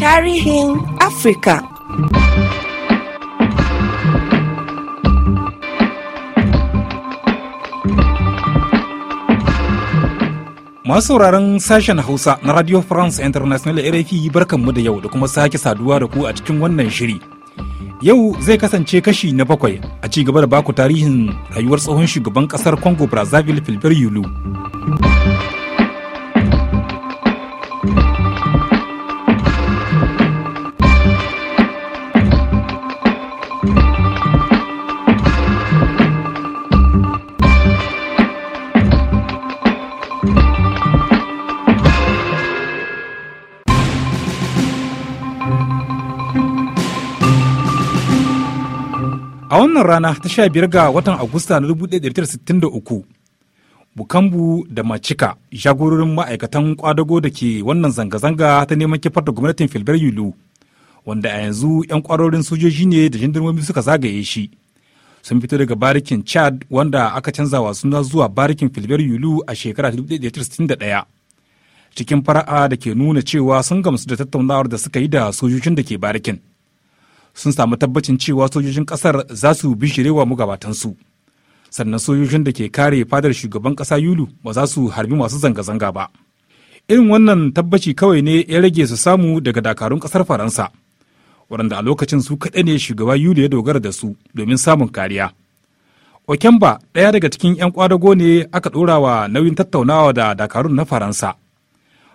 Tarihin Afrika. Masu sauraron sashen Hausa na Radio France International RFI barkanmu da yau da kuma sake saduwa da ku a cikin wannan shiri. Yau zai kasance kashi na bakwai a ci gaba da baku tarihin rayuwar tsohon shugaban kasar Congo Brazzaville Filibert Yulu. wannan rana ta biyar ga watan Agusta na 1963, Bukambu da Macika, shagororin ma'aikatan kwadago da ke wannan zanga-zanga ta neman kifar da gwamnatin Filbar Yulu, wanda a yanzu 'yan kwarorin sojoji ne da jindarmomi suka zagaye shi. Sun fito daga barikin Chad wanda aka canza wa suna zuwa barikin Filbar Yulu a shekara 1961. Cikin fara'a da ke nuna cewa sun gamsu da tattaunawar da suka yi da sojojin da ke barikin. sun samu tabbacin cewa sojojin kasar za su bi bishirewa su sannan sojojin da ke kare fadar shugaban kasa yulu ba za su harbi masu zanga-zanga ba irin wannan tabbaci kawai ne ya rage su samu daga dakarun kasar faransa waɗanda a lokacin su kaɗai ne shugaba yulu ya dogara da su domin samun kariya okemba ɗaya daga cikin 'yan kwadago ne aka ɗora wa nauyin tattaunawa da dakarun na faransa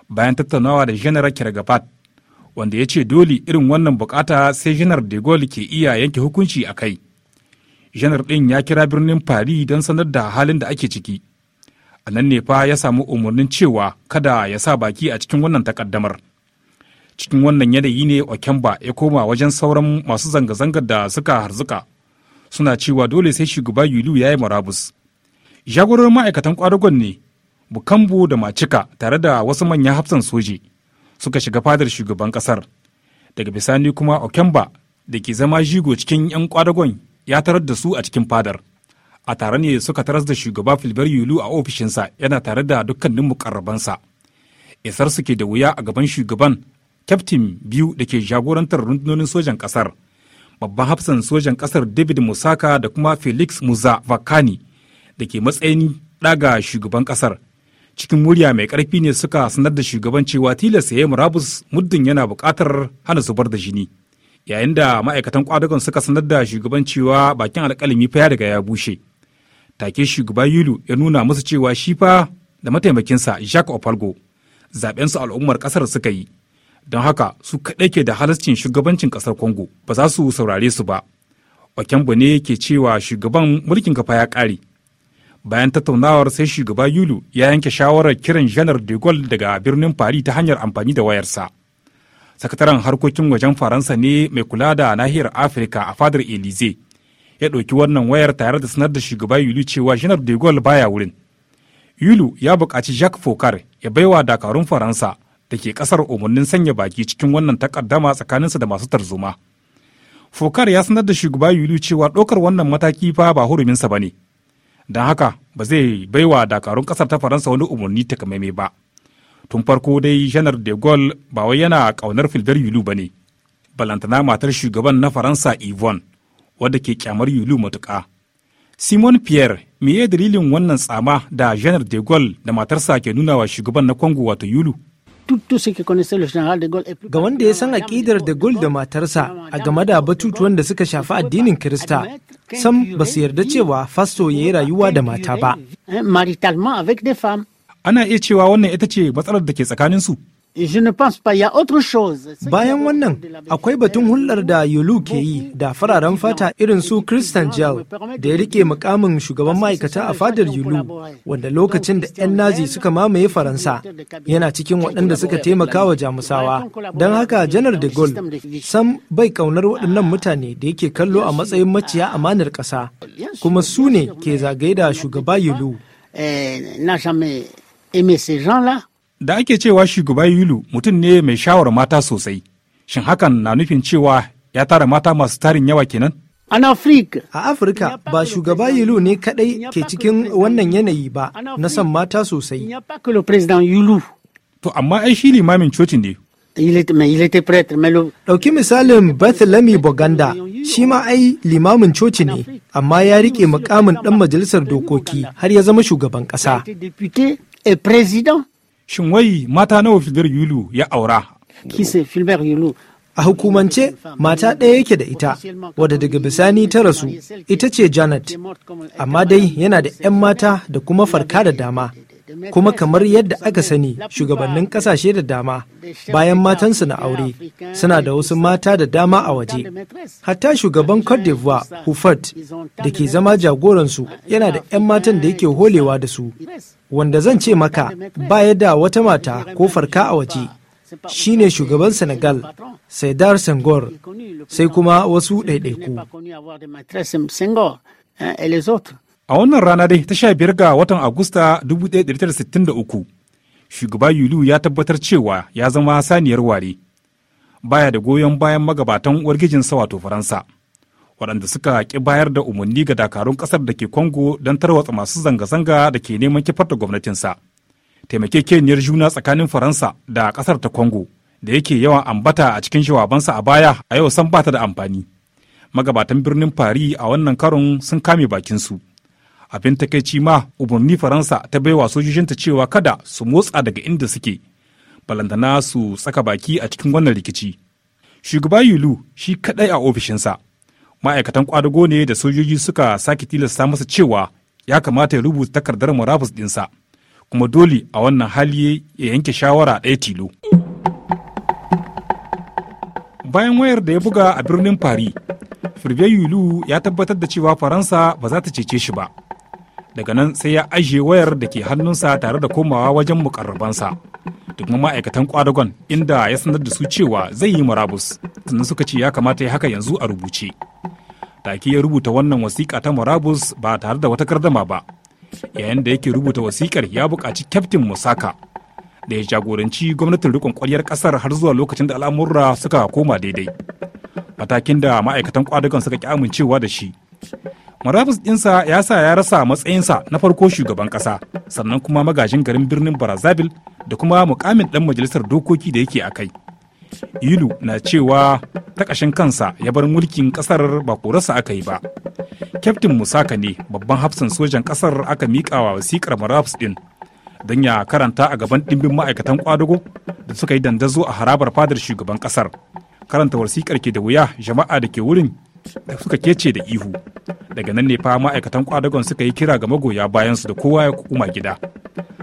bayan tattaunawa da general kirgapat wanda ya ce dole irin wannan bukata sai janar de Gaulle ke iya yanke hukunci a kai. Janar ɗin ya kira birnin Paris don sanar da halin da ake ciki. A nan ne fa ya samu umarnin cewa kada ya sa baki a cikin wannan takaddamar. Cikin wannan yanayi ne Okemba ya koma wajen sauran masu zanga-zangar da suka harzuka. Suna cewa dole sai shugaba Yulu ya yi marabus. Jagororin ma'aikatan kwadagon ne, bukambu da Macika tare da wasu manyan hafsan soji. suka shiga fadar shugaban kasar daga bisani kuma okemba da ke zama jigo cikin 'yan kwadagon ya tarar da su a cikin fadar a tare ne suka taras da shugaba filbar yulu a ofishinsa yana tare da dukkanin mukarrabansa isar suke da wuya a gaban shugaban kyaftin biyu da ke jagorantar rundunonin sojan kasar babban hafsan sojan kasar david musaka da kuma felix muza vakani da ke matsayin daga shugaban kasar cikin murya mai karfi ne suka sanar da shugaban cewa tilas ya yi murabus muddin yana bukatar hana zubar da jini yayin da ma'aikatan kwadagon suka sanar da shugaban cewa bakin alƙalami fa ya riga ya bushe take shugaba yulu ya nuna musu cewa shi fa da mataimakinsa jacques opalgo zaɓensu al'ummar ƙasar suka yi don haka su kaɗai ke da halascin shugabancin ƙasar congo ba za su saurare su ba okembo ne ke cewa shugaban mulkin kafa ya ƙare bayan tattaunawar sai shugaba yulu ya yanke shawarar kiran janar de gaulle daga birnin paris ta hanyar amfani da wayarsa sakataren harkokin wajen faransa ne mai kula da nahiyar afirka a fadar elize ya ɗauki wannan wayar tare da sanar da shugaba yulu cewa janar de gaulle baya wurin yulu ya buƙaci jacques fokar ya baiwa dakarun faransa da ke ƙasar umarnin sanya baki cikin wannan takaddama tsakaninsa da masu tarzoma fokar ya sanar da shugaba yulu cewa ɗaukar wannan mataki fa ba huruminsa ba ne don haka ba zai baiwa dakarun kasar ta faransa wani umarni takamaimai ba tun farko dai janar de gaulle ba wai yana kaunar filbar yulu ba ne balantana matar shugaban na faransa yvonne wadda ke kyamar yulu matuka. simon pierre meye dalilin wannan tsama da janar de gaulle da matarsa ke nuna wa shugaban na kongo wato yulu suke Ga wanda ya san aƙidar de Gaulle da matarsa a game da batutuwan da suka shafi addinin Kirista, sam ba su yarda cewa fasto ya yi rayuwa da mata ba. Ana iya cewa wannan ita ce matsalar da ke su. Bayan wannan, akwai batun hulɗar da yolu ke yi da fararen fata irin su Christian jal da ya rike mukamin shugaban ma'aikata a fadar Yulu, wanda lokacin da 'yan Nazi suka mamaye Faransa yana cikin waɗanda suka taimaka wa Jamusawa. Don haka Janar de Gaulle sam bai kaunar waɗannan ah, mutane da yake kallo a matsayin maciya ah, amanar ƙasa, kuma su ne ke zagaye da shugaba Yulu. Eh, da ake cewa shugaba yulu mutum ne mai shawar mata sosai shin hakan na nufin cewa ya tara mata masu tarin yawa kenan An Afrik. A Afirka ba shugaba Yulu ne kadai ke cikin wannan yanayi ba na son mata sosai. To amma ai shi limamin coci ne. Ɗauki misalin Bethlehem Boganda, shi ma ai limamin coci ne, amma ya rike mukamin ɗan majalisar dokoki har ya zama shugaban ƙasa. Shin wai mata nawa Filbert Yulu ya aura? Kise A hukumance mata ɗaya yake da ita wadda daga bisani ta rasu ita ce Janet, amma dai yana da 'yan mata da kuma farka da dama kuma kamar yadda aka sani shugabannin kasashe da dama bayan matansu na aure suna da wasu mata da dama a waje hatta shugaban cote d'ivoire hufat da ke zama jagoransu yana da 'yan matan da yake holewa da su wanda zan ce maka baya da wata mata ko farka a waje shine shugaban senegal saidar senghor sai kuma wasu ɗaiɗaiku A wannan rana dai ta sha biyar ga watan Agusta 1963, shugaba yulu ya tabbatar cewa ya zama saniyar ware. Baya da goyon bayan magabatan wargijinsa wato Faransa, waɗanda suka ƙi bayar da umarni ga dakarun ƙasar da ke Congo don tarwatsa masu zanga-zanga da ke neman kifar da gwamnatinsa. Taimakekeniyar juna tsakanin Faransa da ƙasar ta Congo da yake yawan ambata a cikin shawabansa a baya a yau san bata da amfani. Magabatan birnin Paris a wannan karon sun kame bakinsu. su. abin takaici ma umarni faransa ta baiwa sojojinta cewa kada su motsa daga inda suke balantana su tsaka baki a cikin wannan rikici shugaba yulu shi kadai a ofishinsa ma'aikatan kwadago ne da sojoji suka sake tilasta masa cewa ya kamata ya rubuta takardar murabus dinsa kuma dole a wannan hali ya yanke shawara ɗaya tilo bayan wayar da ya buga a birnin paris firbe yulu ya tabbatar da cewa faransa ba za ta cece shi ba daga nan sai ya ajiye wayar da ke hannunsa tare da komawa wajen mukarrabansa duk ma'aikatan kwadagon inda ya sanar da su cewa zai yi murabus sannan suka ce ya kamata ya haka yanzu a rubuce take ya rubuta wannan wasiƙa ta murabus ba tare da wata gardama ba yayin da yake rubuta wasiƙar ya buƙaci kyaftin musaka da ya jagoranci gwamnatin rikon ƙwaryar ƙasar har zuwa lokacin da al'amurra suka koma daidai matakin da ma'aikatan kwadagon suka ki amincewa da shi marabus ɗinsa ya sa ya rasa matsayinsa na farko shugaban ƙasa sannan kuma magajin garin birnin barazabil da kuma mukamin ɗan majalisar dokoki da yake a kai ilu na cewa ta ƙashin kansa ya bar mulkin ƙasar ba korarsa aka yi ba kyaftin musaka ne babban hafsan sojan ƙasar aka miƙa wa wasiƙar marabus ɗin don ya karanta a gaban ɗimbin ma'aikatan ƙwadago da suka yi dandazo a harabar fadar shugaban ƙasar karanta wasiƙar ke da wuya jama'a da ke wurin da suka kece da ihu daga nan ne fa ma'aikatan kwadagon suka yi kira ga magoya bayan su da kowa ya kuma gida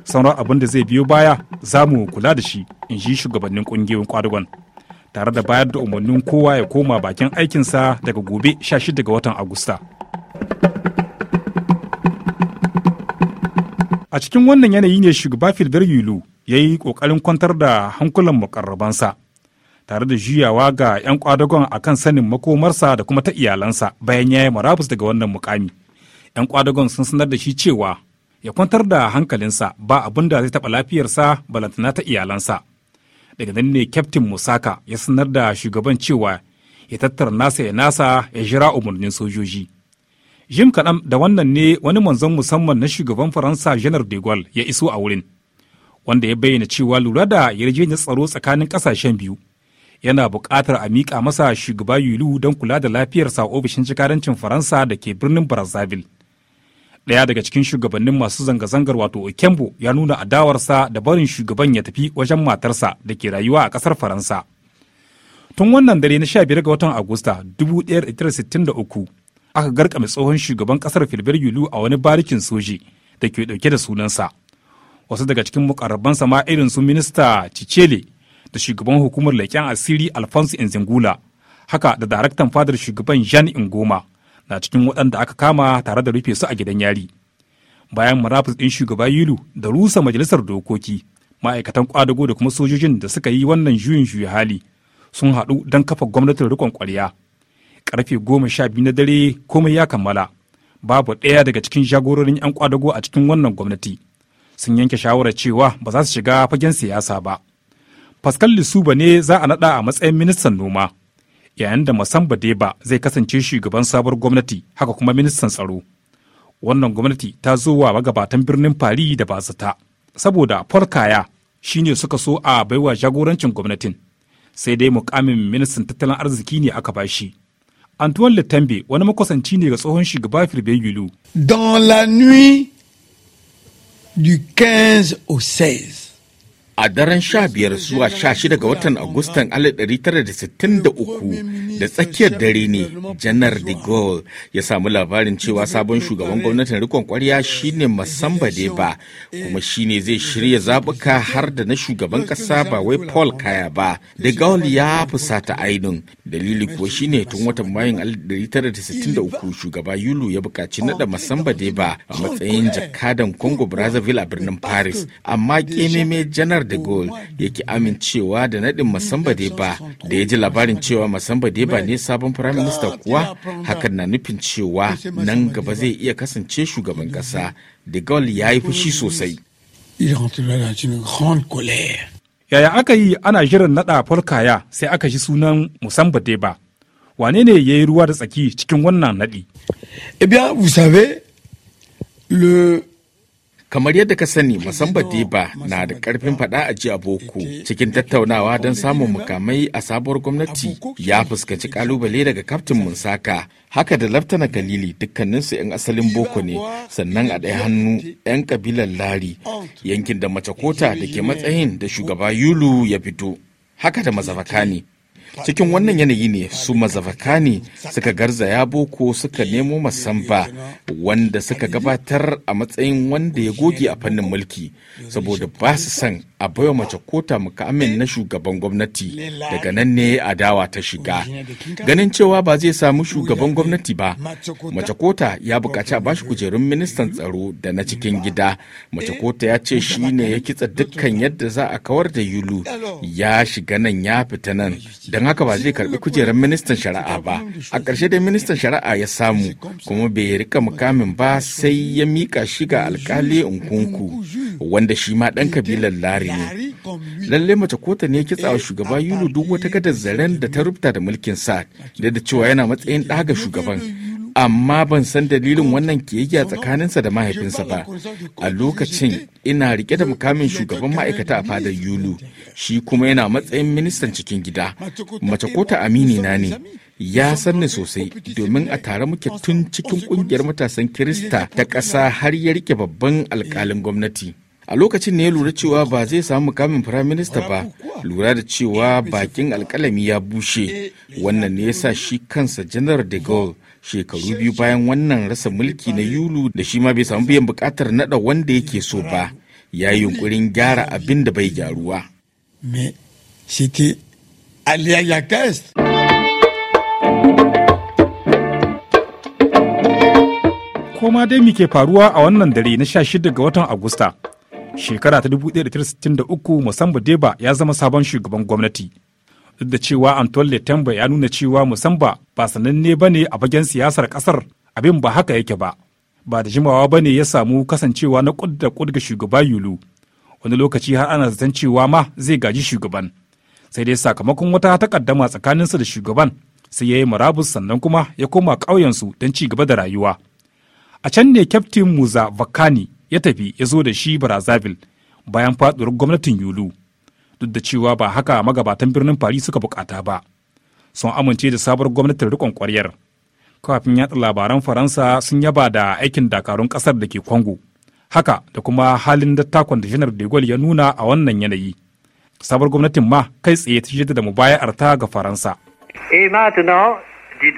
sauran abin da zai biyo baya za mu kula da shi in ji shugabannin kungiyoyin kwadagon tare da bayar da umarnin kowa ya koma bakin aikinsa daga gobe 16 ga watan agusta a cikin wannan yanayi ne shugaba filbar yulu ya yi ƙoƙarin kwantar da hankulan mukarrabansa tare da juyawa ga 'yan kwadagon a kan sanin makomarsa da kuma ta iyalansa bayan ya yi marabus daga wannan mukami. 'yan kwadagon sun sanar da shi cewa ya kwantar da hankalinsa ba abin da zai taɓa lafiyarsa balantana ta iyalansa. Daga nan ne kyaftin Musaka ya sanar da shugaban cewa ya tattara nasa ya nasa ya jira umarnin sojoji. Jim kaɗan da wannan ne wani manzon musamman na shugaban Faransa Janar de Gaulle ya iso a wurin, wanda ya bayyana cewa lura da yarjejeniyar tsaro tsakanin ƙasashen biyu yana buƙatar a miƙa masa shugaba yulu don kula da lafiyarsa ofishin jikarancin faransa da ke birnin brazzaville ɗaya daga cikin shugabannin masu zanga-zangar wato okembo ya nuna adawarsa da barin shugaban ya tafi wajen matarsa da ke rayuwa a ƙasar faransa tun wannan dare na 15 ga watan agusta 1963 aka garkame tsohon shugaban ƙasar filibir yulu a wani barikin soji da ke ɗauke da sunansa wasu daga cikin mukarrabansa ma irin su minista cicele da shugaban hukumar leƙen asiri alfonso enzingula haka da daraktan fadar shugaban jean ingoma na cikin waɗanda aka kama tare da rufe su a gidan yari bayan marafis ɗin shugaba yulu da rusa majalisar dokoki ma'aikatan kwadago da kuma sojojin da suka yi wannan juyin juya hali sun haɗu don kafa gwamnatin rikon ƙwarya karfe goma sha biyu na dare komai ya kammala babu ɗaya daga cikin jagororin 'yan kwadago a cikin wannan gwamnati sun yanke shawarar cewa ba za su shiga fagen siyasa ba Pascal Lissouba ne za a naɗa a matsayin ministan noma, yayin da Masamba Deba zai kasance shugaban sabuwar gwamnati haka kuma ministan tsaro. Wannan gwamnati ta zo wa magabatan birnin Paris da bazata, saboda Folkaya shi ne suka so a baiwa jagorancin gwamnatin, sai dai mukamin ministan tattalin arziki ne aka ba bashi. Antoine Letambe wani makwasanci ne ga tsohon shugaba Firbe Yulu. Dans la nuit du 15 au 16. a daren 15 zuwa 16 ga watan agustan 1963 da tsakiyar dare ne janar de gaulle ya samu labarin cewa sabon shugaban gwamnatin rikon kwarya shine masamba ba kuma shine zai shirya zabuka har da na shugaban kasa ba wai paul kaya ba de gaulle ya fusata ainin dalili kuwa shine tun watan mayun 1963 shugaba yulu ya bukaci nada masamba ba a matsayin jakadan congo brazzaville a birnin paris amma kememe janar Charles de Gaulle ya ki amincewa da naɗin Masamba Deba da ya ji labarin cewa Masamba Deba ne sabon firaminista kuwa hakan na nufin cewa nan gaba zai iya kasance shugaban ƙasa. De Gaulle ya yi fushi sosai. Yaya aka yi ana shirin naɗa Folkaya sai aka shi sunan Musamba Deba. Wane ne ya yi ruwa da tsaki cikin wannan naɗi? Eh bien, vous savez, le kamar yadda ka sani masamba diba na da karfin fada a jiya boko cikin tattaunawa don samun mukamai a sabuwar gwamnati ya fuskanci kalubale daga kaftin musaka. haka da laftana galili dukkaninsu 'yan asalin boko ne sannan a ɗaya hannu 'yan kabilar lari yankin da mace kota da ke matsayin da shugaba yulu ya fito haka da mazafaka ne cikin wannan yanayi ne su mazavakani suka garzaya boko suka nemo masamba wanda suka gabatar a matsayin wanda ya goge a fannin mulki saboda ba su son a baiwa mace kota mukamin na shugaban gwamnati daga nan ne adawa ta shiga ganin cewa ba zai samu shugaban gwamnati ba mace kota ya bukaci a bashi kujerun ministan tsaro da na cikin gida mace kota ya ce shi ne ya kitsa dukkan yadda za a kawar da yulu ya shiga nan ya fita nan don haka ba zai karbi kujerun ministan shari'a ba a ƙarshe dai ministan shari'a ya samu kuma bai rika mukamin ba sai ya mika shi ga alkali unkunku wanda shi ma ɗan kabilar lari ne lalle mace kota ne kitsa wa eh, shugaba yulu duk wata gadar zaren da ta rubuta da mulkin sa da da cewa yana matsayin ɗaga shugaban amma ban san dalilin wannan ke yi kiyayya tsakaninsa da mahaifinsa ba a lokacin ina rike da mukamin shugaban ma'aikata a fadar yulu shi kuma yana matsayin ministan cikin gida mace kota amini na ne ya san ni sosai domin a tare muke tun cikin kungiyar matasan kirista ta ƙasa har ya rike babban alkalin eh. gwamnati a lokacin ne ya lura cewa ba zai samu mukamin firaminista ba lura da cewa bakin alkalami ya bushe wannan ne ya sa shi kansa janar de gaulle shekaru biyu bayan wannan rasa mulki na yulu da shi ma bai samu biyan bukatar nada wanda yake so ba ya yi yunkurin gyara abin da bai gyaruwa koma dai muke faruwa a wannan dare na 16 ga watan agusta Shekara ta dubu 1963 Musamba Deba ya zama sabon shugaban gwamnati. Duk da cewa Antoine Letamba ya nuna cewa Musamba ba sananne ba ne a bagen siyasar kasar abin ba haka yake ba. Ba da jimawa ba ne ya samu kasancewa na ƙud da ƙud ga shugaba Yulu. Wani lokaci har ana zaton cewa ma zai gaji shugaban. Sai dai sakamakon wata takaddama tsakaninsa da shugaban sai ya yi marabus sannan kuma ya koma ƙauyensu don ci gaba da rayuwa. A can ne kyaftin Muza Vakani ya tafi ya zo da shi brazzaville bayan faduwar gwamnatin yulu duk da cewa ba haka magabatan birnin paris suka bukata ba sun amince da sabuwar gwamnatin rikon kwaryar kafin yatsa labaran faransa sun yaba da aikin dakarun ƙasar da ke kwango haka da kuma halin dattakon da janar de ya nuna a wannan yanayi sabuwar gwamnatin ma kai tsaye ta da mubaya'ar ta ga faransa Eh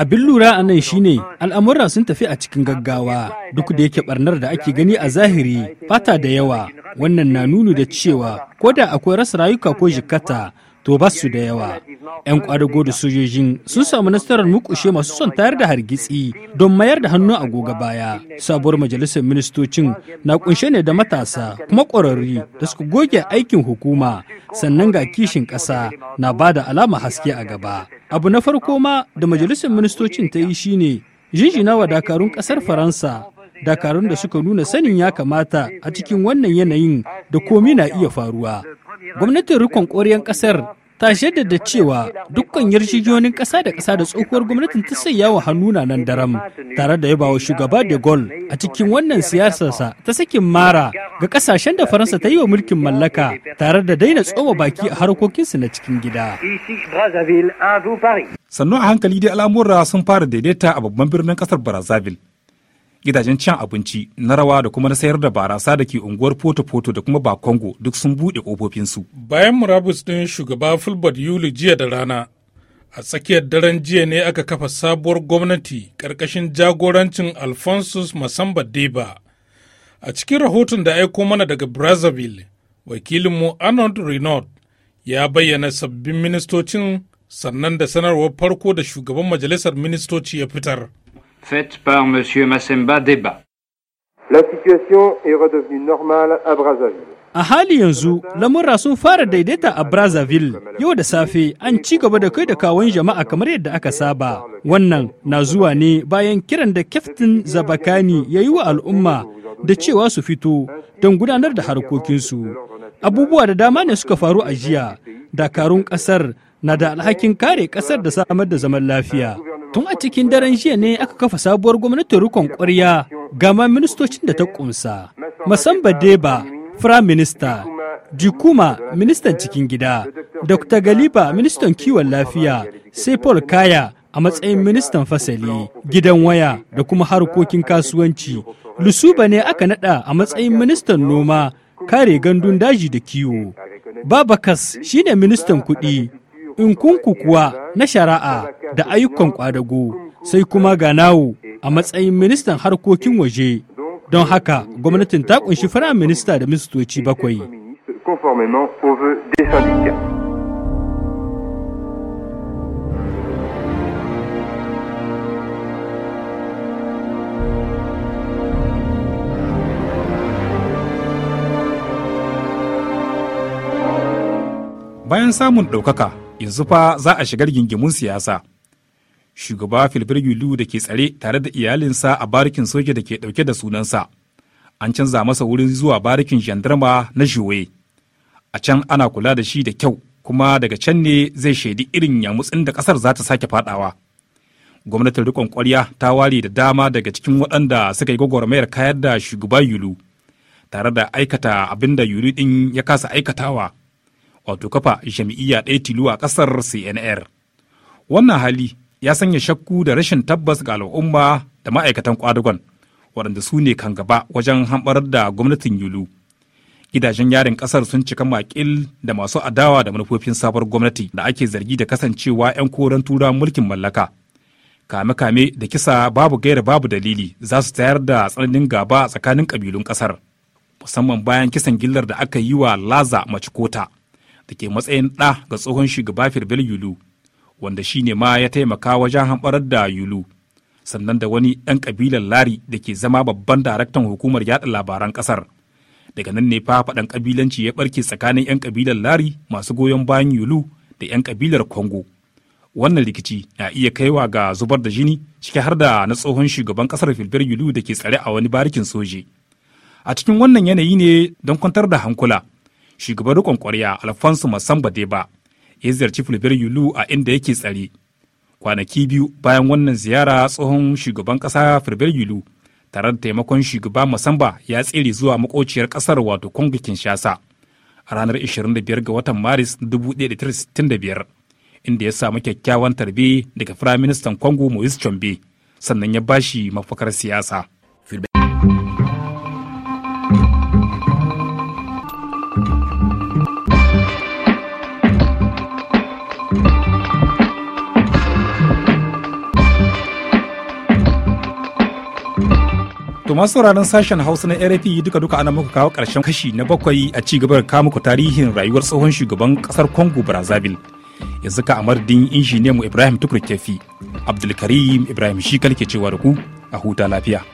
Abin lura a nan shine al'amura sun tafi a cikin gaggawa duk da yake barnar da ake gani a zahiri fata da yawa wannan na nuni da cewa ko da akwai rasa rayuka ko jikata to ba su da yawa. 'Yan kwadago da sojojin sun samu nasarar mukushe masu son tayar da hargitsi don mayar da hannu a goga baya. Sabuwar majalisar ministocin na kunshe ne da matasa kuma ƙwararri da suka goge aikin hukuma sannan ga kishin ƙasa na ba da alama haske a gaba. Abu na farko ma da majalisar ministocin ta yi shine ne wa dakarun ƙasar Faransa dakarun da suka nuna sanin ya kamata a cikin wannan yanayin da komi na iya faruwa Gwamnatin rikon koriyan kasar ta jaddada cewa dukkan yarjejiyonin ƙasa da ƙasa da tsohuwar gwamnatin ta sanya wa hannuna nan daram tare da yabawa shugaba de Gaulle a cikin wannan siyasarsa ta sakin mara ga ƙasashen da Faransa ta yi wa mulkin mallaka tare da daina tsoma baki a harkokinsu na cikin gida. Sannu a hankali dai al'amura sun fara daidaita a babban birnin ƙasar Brazzaville gidajen cin abinci na rawa da kuma na sayar da barasa da ke unguwar poto-poto da kuma bakongo duk sun buɗe ƙofofinsu. bayan murabus ɗin shugaba fulbert yuli jiya da rana a tsakiyar daren jiya ne aka kafa sabuwar gwamnati ƙarƙashin jagorancin alfonsus masamba deba a cikin rahoton da aiko mana daga brazzaville wakilinmu arnold renault ya bayyana sabbin ministocin sannan da sanarwar farko da shugaban majalisar ministoci ya fitar faite par M. Massemba débat. La situation est redevenue normale à Brazzaville. A hali yanzu, lamura sun fara daidaita a Brazzaville. Yau da safe, an ci gaba da kai da kawon jama'a kamar yadda aka saba. Wannan na zuwa ne bayan kiran da Kyaftin Zabakani ya yi wa al'umma da cewa su fito don gudanar da harkokinsu. Abubuwa da dama ne suka faru a jiya. Dakarun ƙasar na da alhakin kare ƙasar da samar da zaman lafiya. Tun a cikin daren jiya ne aka kafa sabuwar gwamnatin rikon ƙwarya gama ministocin da ta ƙunsa. Masamba Deba, Firayim Minista, Jikuma, Ministan cikin gida, Dr. Galiba, Ministan kiwon lafiya, sai Paul Kaya a matsayin Ministan fasali, gidan waya da kuma harkokin kasuwanci. Lusuba ne aka nada a matsayin Ministan noma, kare gandun daji da kiwo. Babakas shine ministan kuɗi in kuwa na shari'a da ayyukan ƙwadago sai kuma ga nawo a matsayin ministan harkokin waje don haka gwamnatin ta kunshi fara minista da ministoci bakwai. Bayan samun ɗaukaka yanzu fa za a shiga gingimun siyasa shugaba filibir yulu da ke tsare tare da iyalinsa a barikin soja da ke dauke da sunansa an canza masa wurin zuwa barikin gendarma na juwe a can ana kula da shi da kyau kuma daga can ne zai shaidi irin yamutsin da kasar za ta sake fadawa gwamnatin rikon kwarya ta ware da dama daga cikin waɗanda suka yi gwagwarmayar kayar da shugaba yulu tare da aikata abin da yulu ɗin ya kasa aikatawa wato kafa jam'iyya ɗaya tilo a ƙasar CNR. Wannan hali ya sanya shakku da rashin tabbas ga al'umma da ma'aikatan kwadagon waɗanda su ne kan gaba wajen hamɓar da gwamnatin Yulu. Gidajen yarin ƙasar sun cika makil da masu adawa da manufofin sabuwar gwamnati da ake zargi da kasancewa 'yan koren tura mulkin mallaka. Kame-kame da kisa babu gaira babu dalili za su tayar da tsananin gaba tsakanin ƙabilun ƙasar. Musamman bayan kisan gillar da aka yi wa Laza mace kota da ke matsayin ɗa ga tsohon shugaba Firbil Yulu, wanda shi ne ma ya taimaka wajen hamɓarar da Yulu, sannan da wani ɗan ƙabilar Lari da ke zama babban daraktan hukumar yaɗa labaran ƙasar. Daga nan ne fa faɗan ƙabilanci ya ɓarke tsakanin 'yan ƙabilar Lari masu goyon bayan Yulu da 'yan ƙabilar Kongo. Wannan rikici na iya kaiwa ga zubar da jini ciki har da na tsohon shugaban ƙasar Filbir Yulu da ke tsare a wani barikin soje. A cikin wannan yanayi ne don kwantar da hankula shugaban rikon kwarya alfonso masamba deba ya ziyarci filibir yulu a inda yake tsare kwanaki biyu bayan wannan ziyara tsohon shugaban kasa filibir yulu tare da taimakon shugaba masamba ya tsere zuwa makociyar kasar wato congo kinshasa a ranar 25 ga watan maris 1965 inda ya samu kyakkyawan tarbe daga firaministan congo moise chombe sannan ya bashi mafakar siyasa. masu sauraron sashen hausa na rfi duka duka ana muku kawo karshen kashi na bakwai a ci gaba da kawo muku tarihin rayuwar tsohon shugaban kasar congo brazzaville yanzu ka amardin injiniyanmu ibrahim tukur kefi abdulkarim ibrahim shikal ke cewa da ku a huta lafiya